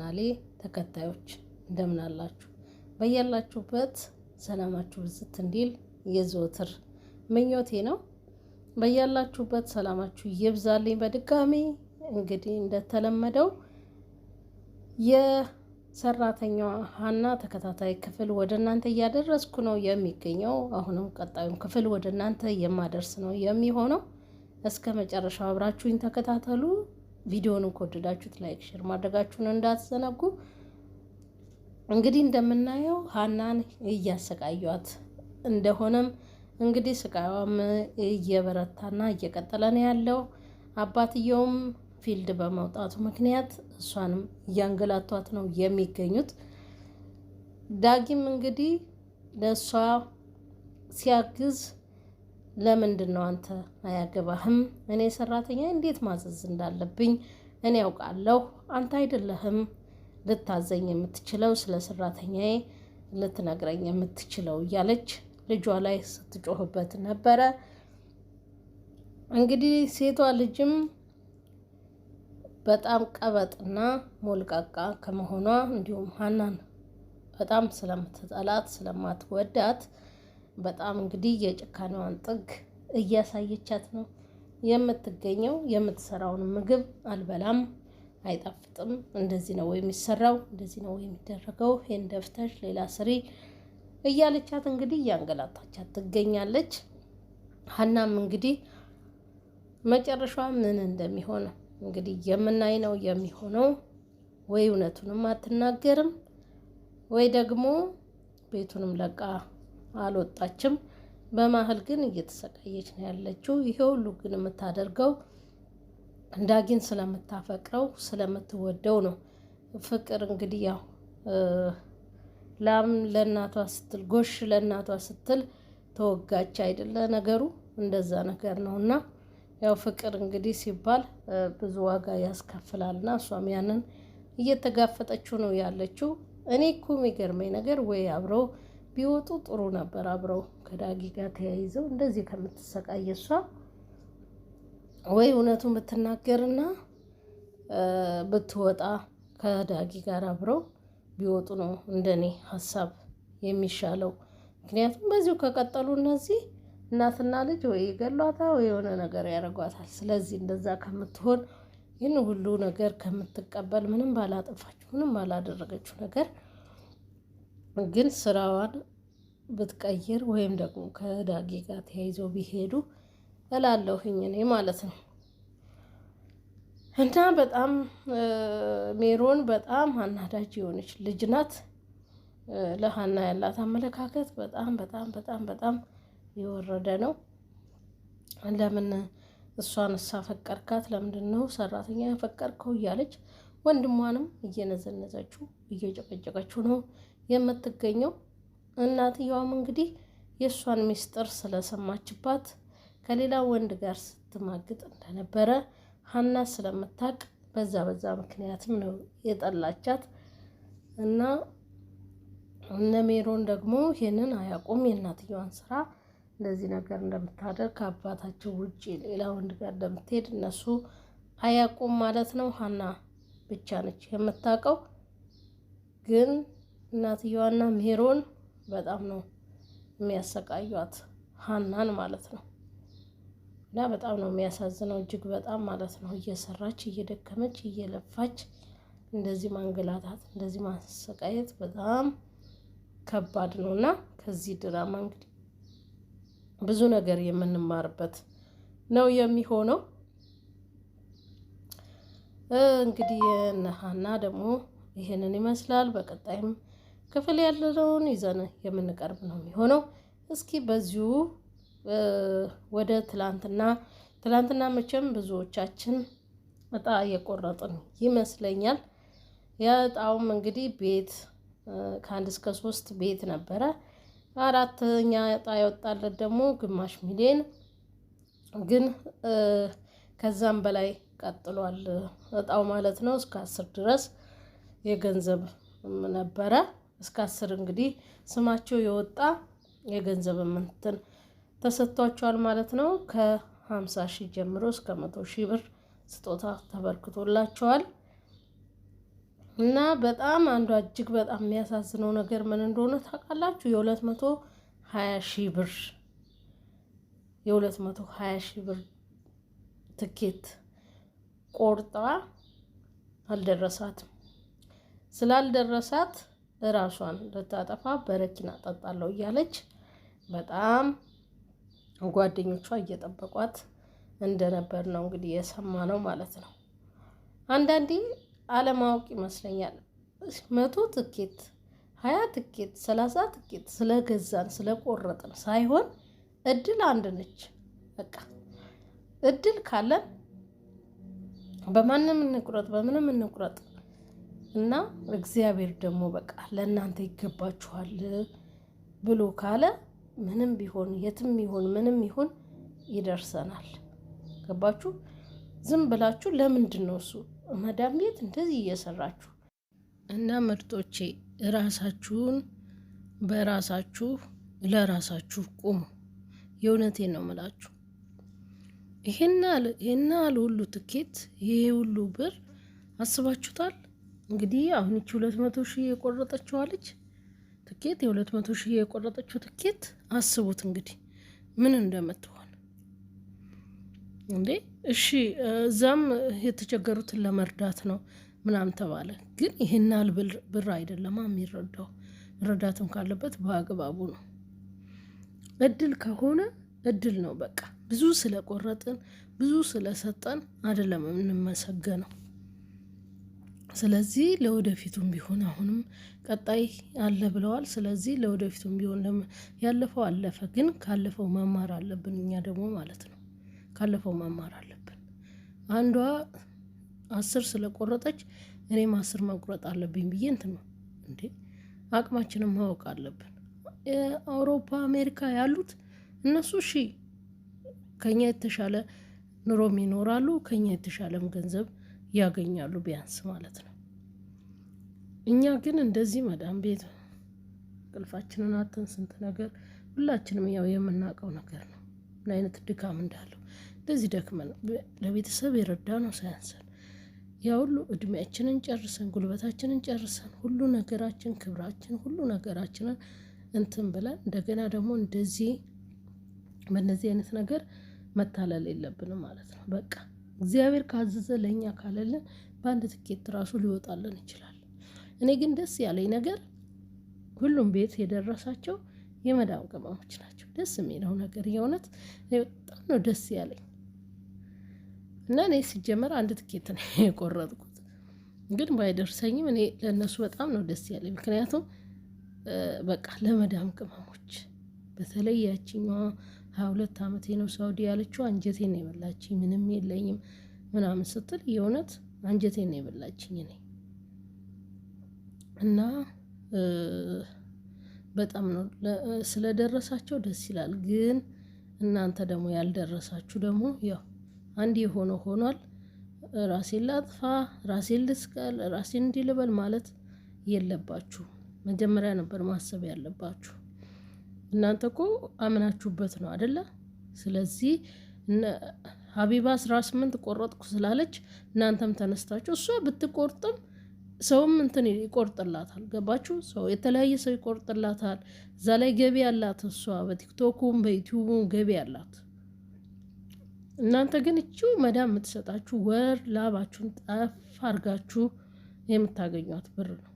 ናሌ ተከታዮች እንደምን አላችሁ? በያላችሁበት ሰላማችሁ ብዝት እንዲል የዘወትር ምኞቴ ነው። በያላችሁበት ሰላማችሁ ይብዛልኝ። በድጋሚ እንግዲህ እንደተለመደው የሰራተኛዋ ሀና ተከታታይ ክፍል ወደ እናንተ እያደረስኩ ነው የሚገኘው። አሁንም ቀጣዩን ክፍል ወደ እናንተ የማደርስ ነው የሚሆነው። እስከ መጨረሻው አብራችሁኝ ተከታተሉ። ቪዲዮንም ከወደዳችሁት ላይክ፣ ሼር ማድረጋችሁን እንዳትዘነጉ። እንግዲህ እንደምናየው ሀናን እያሰቃዩት እንደሆነም እንግዲህ ስቃዋም እየበረታና እየቀጠለ ነው ያለው። አባትየውም ፊልድ በመውጣቱ ምክንያት እሷንም እያንገላቷት ነው የሚገኙት። ዳጊም እንግዲህ ለእሷ ሲያግዝ ለምንድን ነው አንተ አያገባህም? እኔ ሰራተኛ እንዴት ማዘዝ እንዳለብኝ እኔ ያውቃለሁ። አንተ አይደለህም ልታዘኝ የምትችለው ስለ ሰራተኛዬ ልትነግረኝ የምትችለው እያለች ልጇ ላይ ስትጮህበት ነበረ። እንግዲህ ሴቷ ልጅም በጣም ቀበጥና ሞልቃቃ ከመሆኗ እንዲሁም ሀናን በጣም ስለምትጠላት ስለማትወዳት በጣም እንግዲህ የጭካናዋን ጥግ እያሳየቻት ነው የምትገኘው። የምትሰራውን ምግብ አልበላም፣ አይጣፍጥም፣ እንደዚህ ነው የሚሰራው፣ እንደዚህ ነው የሚደረገው፣ ይሄን ደፍተሽ ሌላ ስሪ እያለቻት እንግዲህ እያንገላታቻት ትገኛለች። ሀናም እንግዲህ መጨረሻ ምን እንደሚሆን እንግዲህ የምናይ ነው የሚሆነው። ወይ እውነቱንም አትናገርም ወይ ደግሞ ቤቱንም ለቃ አልወጣችም። በማህል ግን እየተሰቃየች ነው ያለችው። ይሄ ሁሉ ግን የምታደርገው እንዳጊን ስለምታፈቅረው ስለምትወደው ነው። ፍቅር እንግዲህ ያው ላም ለእናቷ ስትል ጎሽ ለእናቷ ስትል ተወጋች አይደለ ነገሩ፣ እንደዛ ነገር ነው እና ያው ፍቅር እንግዲህ ሲባል ብዙ ዋጋ ያስከፍላል እና እሷም ያንን እየተጋፈጠችው ነው ያለችው። እኔ እኮ የሚገርመኝ ነገር ወይ አብረው ቢወጡ ጥሩ ነበር። አብረው ከዳጊ ጋር ተያይዘው እንደዚህ ከምትሰቃይ እሷ ወይ እውነቱን ብትናገርና ብትወጣ ከዳጊ ጋር አብረው ቢወጡ ነው እንደኔ ሀሳብ የሚሻለው። ምክንያቱም በዚሁ ከቀጠሉ እነዚህ እናትና ልጅ ወይ ይገሏታ ወይ የሆነ ነገር ያደርጓታል። ስለዚህ እንደዛ ከምትሆን ይህን ሁሉ ነገር ከምትቀበል ምንም ባላጠፋችሁ ምንም ባላደረገችው ነገር ግን ስራዋን ብትቀይር ወይም ደግሞ ከዳጊ ጋር ተያይዞ ቢሄዱ እላለሁኝ እኔ ማለት ነው። እና በጣም ሜሮን በጣም አናዳጅ የሆነች ልጅ ናት። ለሀና ያላት አመለካከት በጣም በጣም በጣም በጣም የወረደ ነው። ለምን እሷን እሳ ፈቀርካት? ለምንድን ነው ሰራተኛ ያፈቀርከው? እያለች ወንድሟንም እየነዘነዘችው እየጨቀጨቀችው ነው። የምትገኘው። እናትየዋም እንግዲህ የእሷን ሚስጥር ስለሰማችባት ከሌላ ወንድ ጋር ስትማግጥ እንደነበረ ሀና ስለምታቅ በዛ በዛ ምክንያትም ነው የጠላቻት እና እነ ሜሮን ደግሞ ይህንን አያውቁም። የእናትየዋን ስራ እንደዚህ ነገር እንደምታደርግ ከአባታቸው ውጭ ሌላ ወንድ ጋር እንደምትሄድ እነሱ አያውቁም ማለት ነው። ሀና ብቻ ነች የምታውቀው ግን እናትየዋና ሜሮን በጣም ነው የሚያሰቃዩት ሀናን ማለት ነው። እና በጣም ነው የሚያሳዝነው እጅግ በጣም ማለት ነው። እየሰራች እየደከመች እየለፋች እንደዚህ ማንገላታት እንደዚህ ማሰቃየት በጣም ከባድ ነው እና ከዚህ ድራማ እንግዲህ ብዙ ነገር የምንማርበት ነው የሚሆነው። እንግዲህ እነ ሀና ደግሞ ይህንን ይመስላል። በቀጣይም ክፍል ያለውን ይዘን የምንቀርብ ነው የሚሆነው። እስኪ በዚሁ ወደ ትላንትና ትላንትና መቼም ብዙዎቻችን እጣ የቆረጥን ይመስለኛል። የእጣውም እንግዲህ ቤት ከአንድ እስከ ሶስት ቤት ነበረ። አራተኛ እጣ የወጣለት ደግሞ ግማሽ ሚሊዮን ግን ከዛም በላይ ቀጥሏል እጣው ማለት ነው። እስከ አስር ድረስ የገንዘብ ነበረ። እስከ አስር እንግዲህ ስማቸው የወጣ የገንዘብ እንትን ተሰጥቷቸዋል ማለት ነው። ከሀምሳ ሺህ ጀምሮ እስከ መቶ ሺህ ብር ስጦታ ተበርክቶላቸዋል። እና በጣም አንዷ እጅግ በጣም የሚያሳዝነው ነገር ምን እንደሆነ ታውቃላችሁ? የሁለት መቶ ሀያ ሺህ ብር የሁለት መቶ ሀያ ሺህ ብር ትኬት ቆርጣ አልደረሳትም ስላልደረሳት እራሷን ልታጠፋ በረኪና ጠጣለሁ እያለች በጣም ጓደኞቿ እየጠበቋት እንደነበር ነው እንግዲህ የሰማ ነው ማለት ነው። አንዳንዴ አለማወቅ ይመስለኛል መቶ ትኬት ሀያ ትኬት ሰላሳ ትኬት ስለገዛን ስለቆረጥን ሳይሆን እድል አንድ ነች። በቃ እድል ካለን በማንም እንቁረጥ በምንም እንቁረጥ እና እግዚአብሔር ደግሞ በቃ ለእናንተ ይገባችኋል ብሎ ካለ ምንም ቢሆን የትም ይሁን ምንም ይሁን ይደርሰናል። ገባችሁ? ዝም ብላችሁ ለምንድን ነው እሱ መዳም ቤት እንደዚህ እየሰራችሁ እና ምርጦቼ ራሳችሁን በራሳችሁ ለራሳችሁ ቁሙ። የእውነቴ ነው ምላችሁ። ይሄና ሁሉ ትኬት ይሄ ሁሉ ብር አስባችሁታል? እንግዲህ አሁን ይቺ ሁለት መቶ ሺህ የቆረጠችዋለች ትኬት የሁለት መቶ ሺህ የቆረጠችው ትኬት አስቡት እንግዲህ ምን እንደምትሆን እንዴ። እሺ እዛም የተቸገሩትን ለመርዳት ነው ምናምን ተባለ፣ ግን ይህን ያህል ብር አይደለም የሚረዳው። መረዳትም ካለበት በአግባቡ ነው። እድል ከሆነ እድል ነው በቃ። ብዙ ስለቆረጥን ብዙ ስለሰጠን አይደለም የምንመሰገነው። ስለዚህ ለወደፊቱም ቢሆን አሁንም ቀጣይ አለ ብለዋል። ስለዚህ ለወደፊቱም ቢሆን ያለፈው አለፈ፣ ግን ካለፈው መማር አለብን እኛ ደግሞ ማለት ነው። ካለፈው መማር አለብን። አንዷ አስር ስለቆረጠች እኔም አስር መቁረጥ አለብኝ ብዬ እንትን ነው እንዴ፣ አቅማችንም ማወቅ አለብን። አውሮፓ አሜሪካ ያሉት እነሱ እሺ ከኛ የተሻለ ኑሮም ይኖራሉ፣ ከኛ የተሻለም ገንዘብ ያገኛሉ ቢያንስ ማለት ነው። እኛ ግን እንደዚህ መዳም ቤት ቅልፋችንን አተን ስንት ነገር ሁላችንም ያው የምናውቀው ነገር ነው። ምን አይነት ድካም እንዳለው እንደዚህ ደክመን ለቤተሰብ የረዳ ነው ሳያንሰን ያ ሁሉ እድሜያችንን ጨርሰን ጉልበታችንን ጨርሰን ሁሉ ነገራችን ክብራችን ሁሉ ነገራችንን እንትን ብለን እንደገና ደግሞ እንደዚህ በእነዚህ አይነት ነገር መታለል የለብንም ማለት ነው በቃ እግዚአብሔር ካዘዘ ለእኛ ካለልን በአንድ ትኬት ራሱ ሊወጣልን ይችላል። እኔ ግን ደስ ያለኝ ነገር ሁሉም ቤት የደረሳቸው የመዳም ቅመሞች ናቸው። ደስ የሚለው ነገር የእውነት በጣም ነው ደስ ያለኝ እና እኔ ሲጀመር አንድ ትኬት ነው የቆረጥኩት፣ ግን ባይደርሰኝም እኔ ለእነሱ በጣም ነው ደስ ያለኝ። ምክንያቱም በቃ ለመዳም ቅመሞች በተለይ ያችኛዋ ሀያ ሁለት ዓመቴ ነው ሳውዲ ያለችው አንጀቴን ነው የበላችኝ። ምንም የለኝም ምናምን ስትል የእውነት አንጀቴን ነው የበላችኝ እኔ እና በጣም ነው ስለደረሳቸው ደስ ይላል። ግን እናንተ ደግሞ ያልደረሳችሁ ደግሞ ያው አንድ የሆነ ሆኗል። ራሴን ላጥፋ፣ ራሴን ልስቀል፣ ራሴን እንዲልበል ማለት የለባችሁ። መጀመሪያ ነበር ማሰብ ያለባችሁ። እናንተ እኮ አምናችሁበት ነው አደለ? ስለዚህ ሀቢባ አስራ ስምንት ቆረጥኩ ስላለች እናንተም ተነስታችሁ እሷ ብትቆርጥም ሰውም እንትን ይቆርጥላታል። ገባችሁ? ሰው የተለያየ ሰው ይቆርጥላታል። እዛ ላይ ገቢ ያላት እሷ በቲክቶኩም በዩቲዩቡም ገቢ ያላት። እናንተ ግን እቺው መዳም የምትሰጣችሁ ወር ላባችሁን ጠፍ አርጋችሁ የምታገኟት ብር ነው።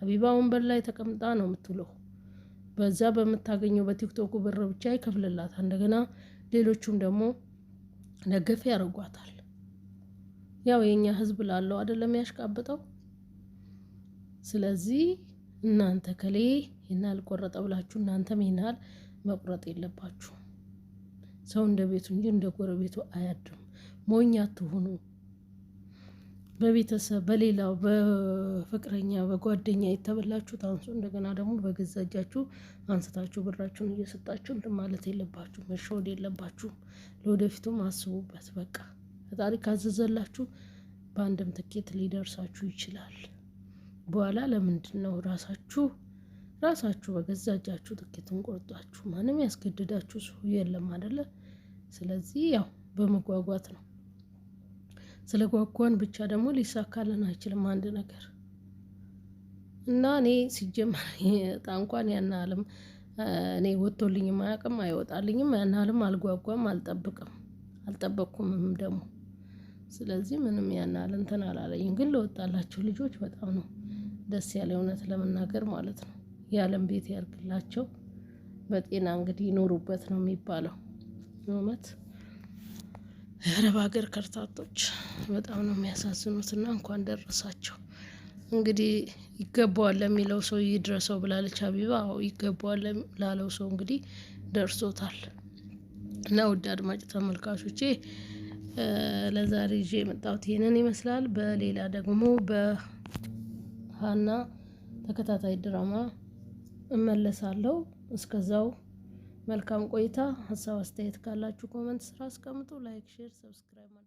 ሀቢባ ወንበር ላይ ተቀምጣ ነው የምትውለው። በዛ በምታገኘው በቲክቶኩ ብር ብቻ ይከፍልላታል። እንደገና ሌሎቹም ደግሞ ደገፍ ያደርጓታል። ያው የእኛ ህዝብ ላለው አይደለም ያሽቃብጠው። ስለዚህ እናንተ ከሌ ይናል ብላችሁ እናንተም ይናል መቁረጥ የለባችሁ። ሰው እንደ ቤቱ እንጂ እንደ ጎረቤቱ አያድም። ሞኝ አትሁኑ። በቤተሰብ በሌላው በፍቅረኛ በጓደኛ የተበላችሁ ታንሱ። እንደገና ደግሞ በገዛ እጃችሁ አንስታችሁ ብራችሁን እየሰጣችሁ እንትን ማለት የለባችሁ መሸወድ የለባችሁም። ለወደፊቱም አስቡበት። በቃ ፈጣሪ ካዘዘላችሁ በአንድም ትኬት ሊደርሳችሁ ይችላል። በኋላ ለምንድን ነው ራሳችሁ ራሳችሁ በገዛ እጃችሁ ትኬትን ቆርጣችሁ? ማንም ያስገድዳችሁ ሰው የለም አደለ? ስለዚህ ያው በመጓጓት ነው ስለ ጓጓን ብቻ ደግሞ ሊሳካልን አይችልም አንድ ነገር እና እኔ ሲጀመር ጣ እንኳን ያናልም እኔ ወጥቶልኝም አያውቅም አይወጣልኝም ያናልም አልጓጓም አልጠብቅም አልጠበቅኩምም ደግሞ ስለዚህ ምንም ያናል እንትን አላለኝም ግን ለወጣላቸው ልጆች በጣም ነው ደስ ያለ እውነት ለመናገር ማለት ነው የዓለም ቤት ያርግላቸው በጤና እንግዲህ ይኖሩበት ነው የሚባለው እውነት የአረብ ሀገር ከርታቶች በጣም ነው የሚያሳዝኑትና እንኳን ደረሳቸው። እንግዲህ ይገባዋል ለሚለው ሰው ይድረሰው ብላለች ሀቢባ። አዎ ይገባዋል ላለው ሰው እንግዲህ ደርሶታል። እና ውድ አድማጭ ተመልካቾቼ ለዛሬ ይዤ የመጣሁት ይህንን ይመስላል። በሌላ ደግሞ በሀና ተከታታይ ድራማ እመለሳለሁ። እስከዛው መልካም ቆይታ። ሀሳብ አስተያየት ካላችሁ ኮመንት ስራ አስቀምጡ። ላይክ፣ ሼር፣ ሰብስክራይብ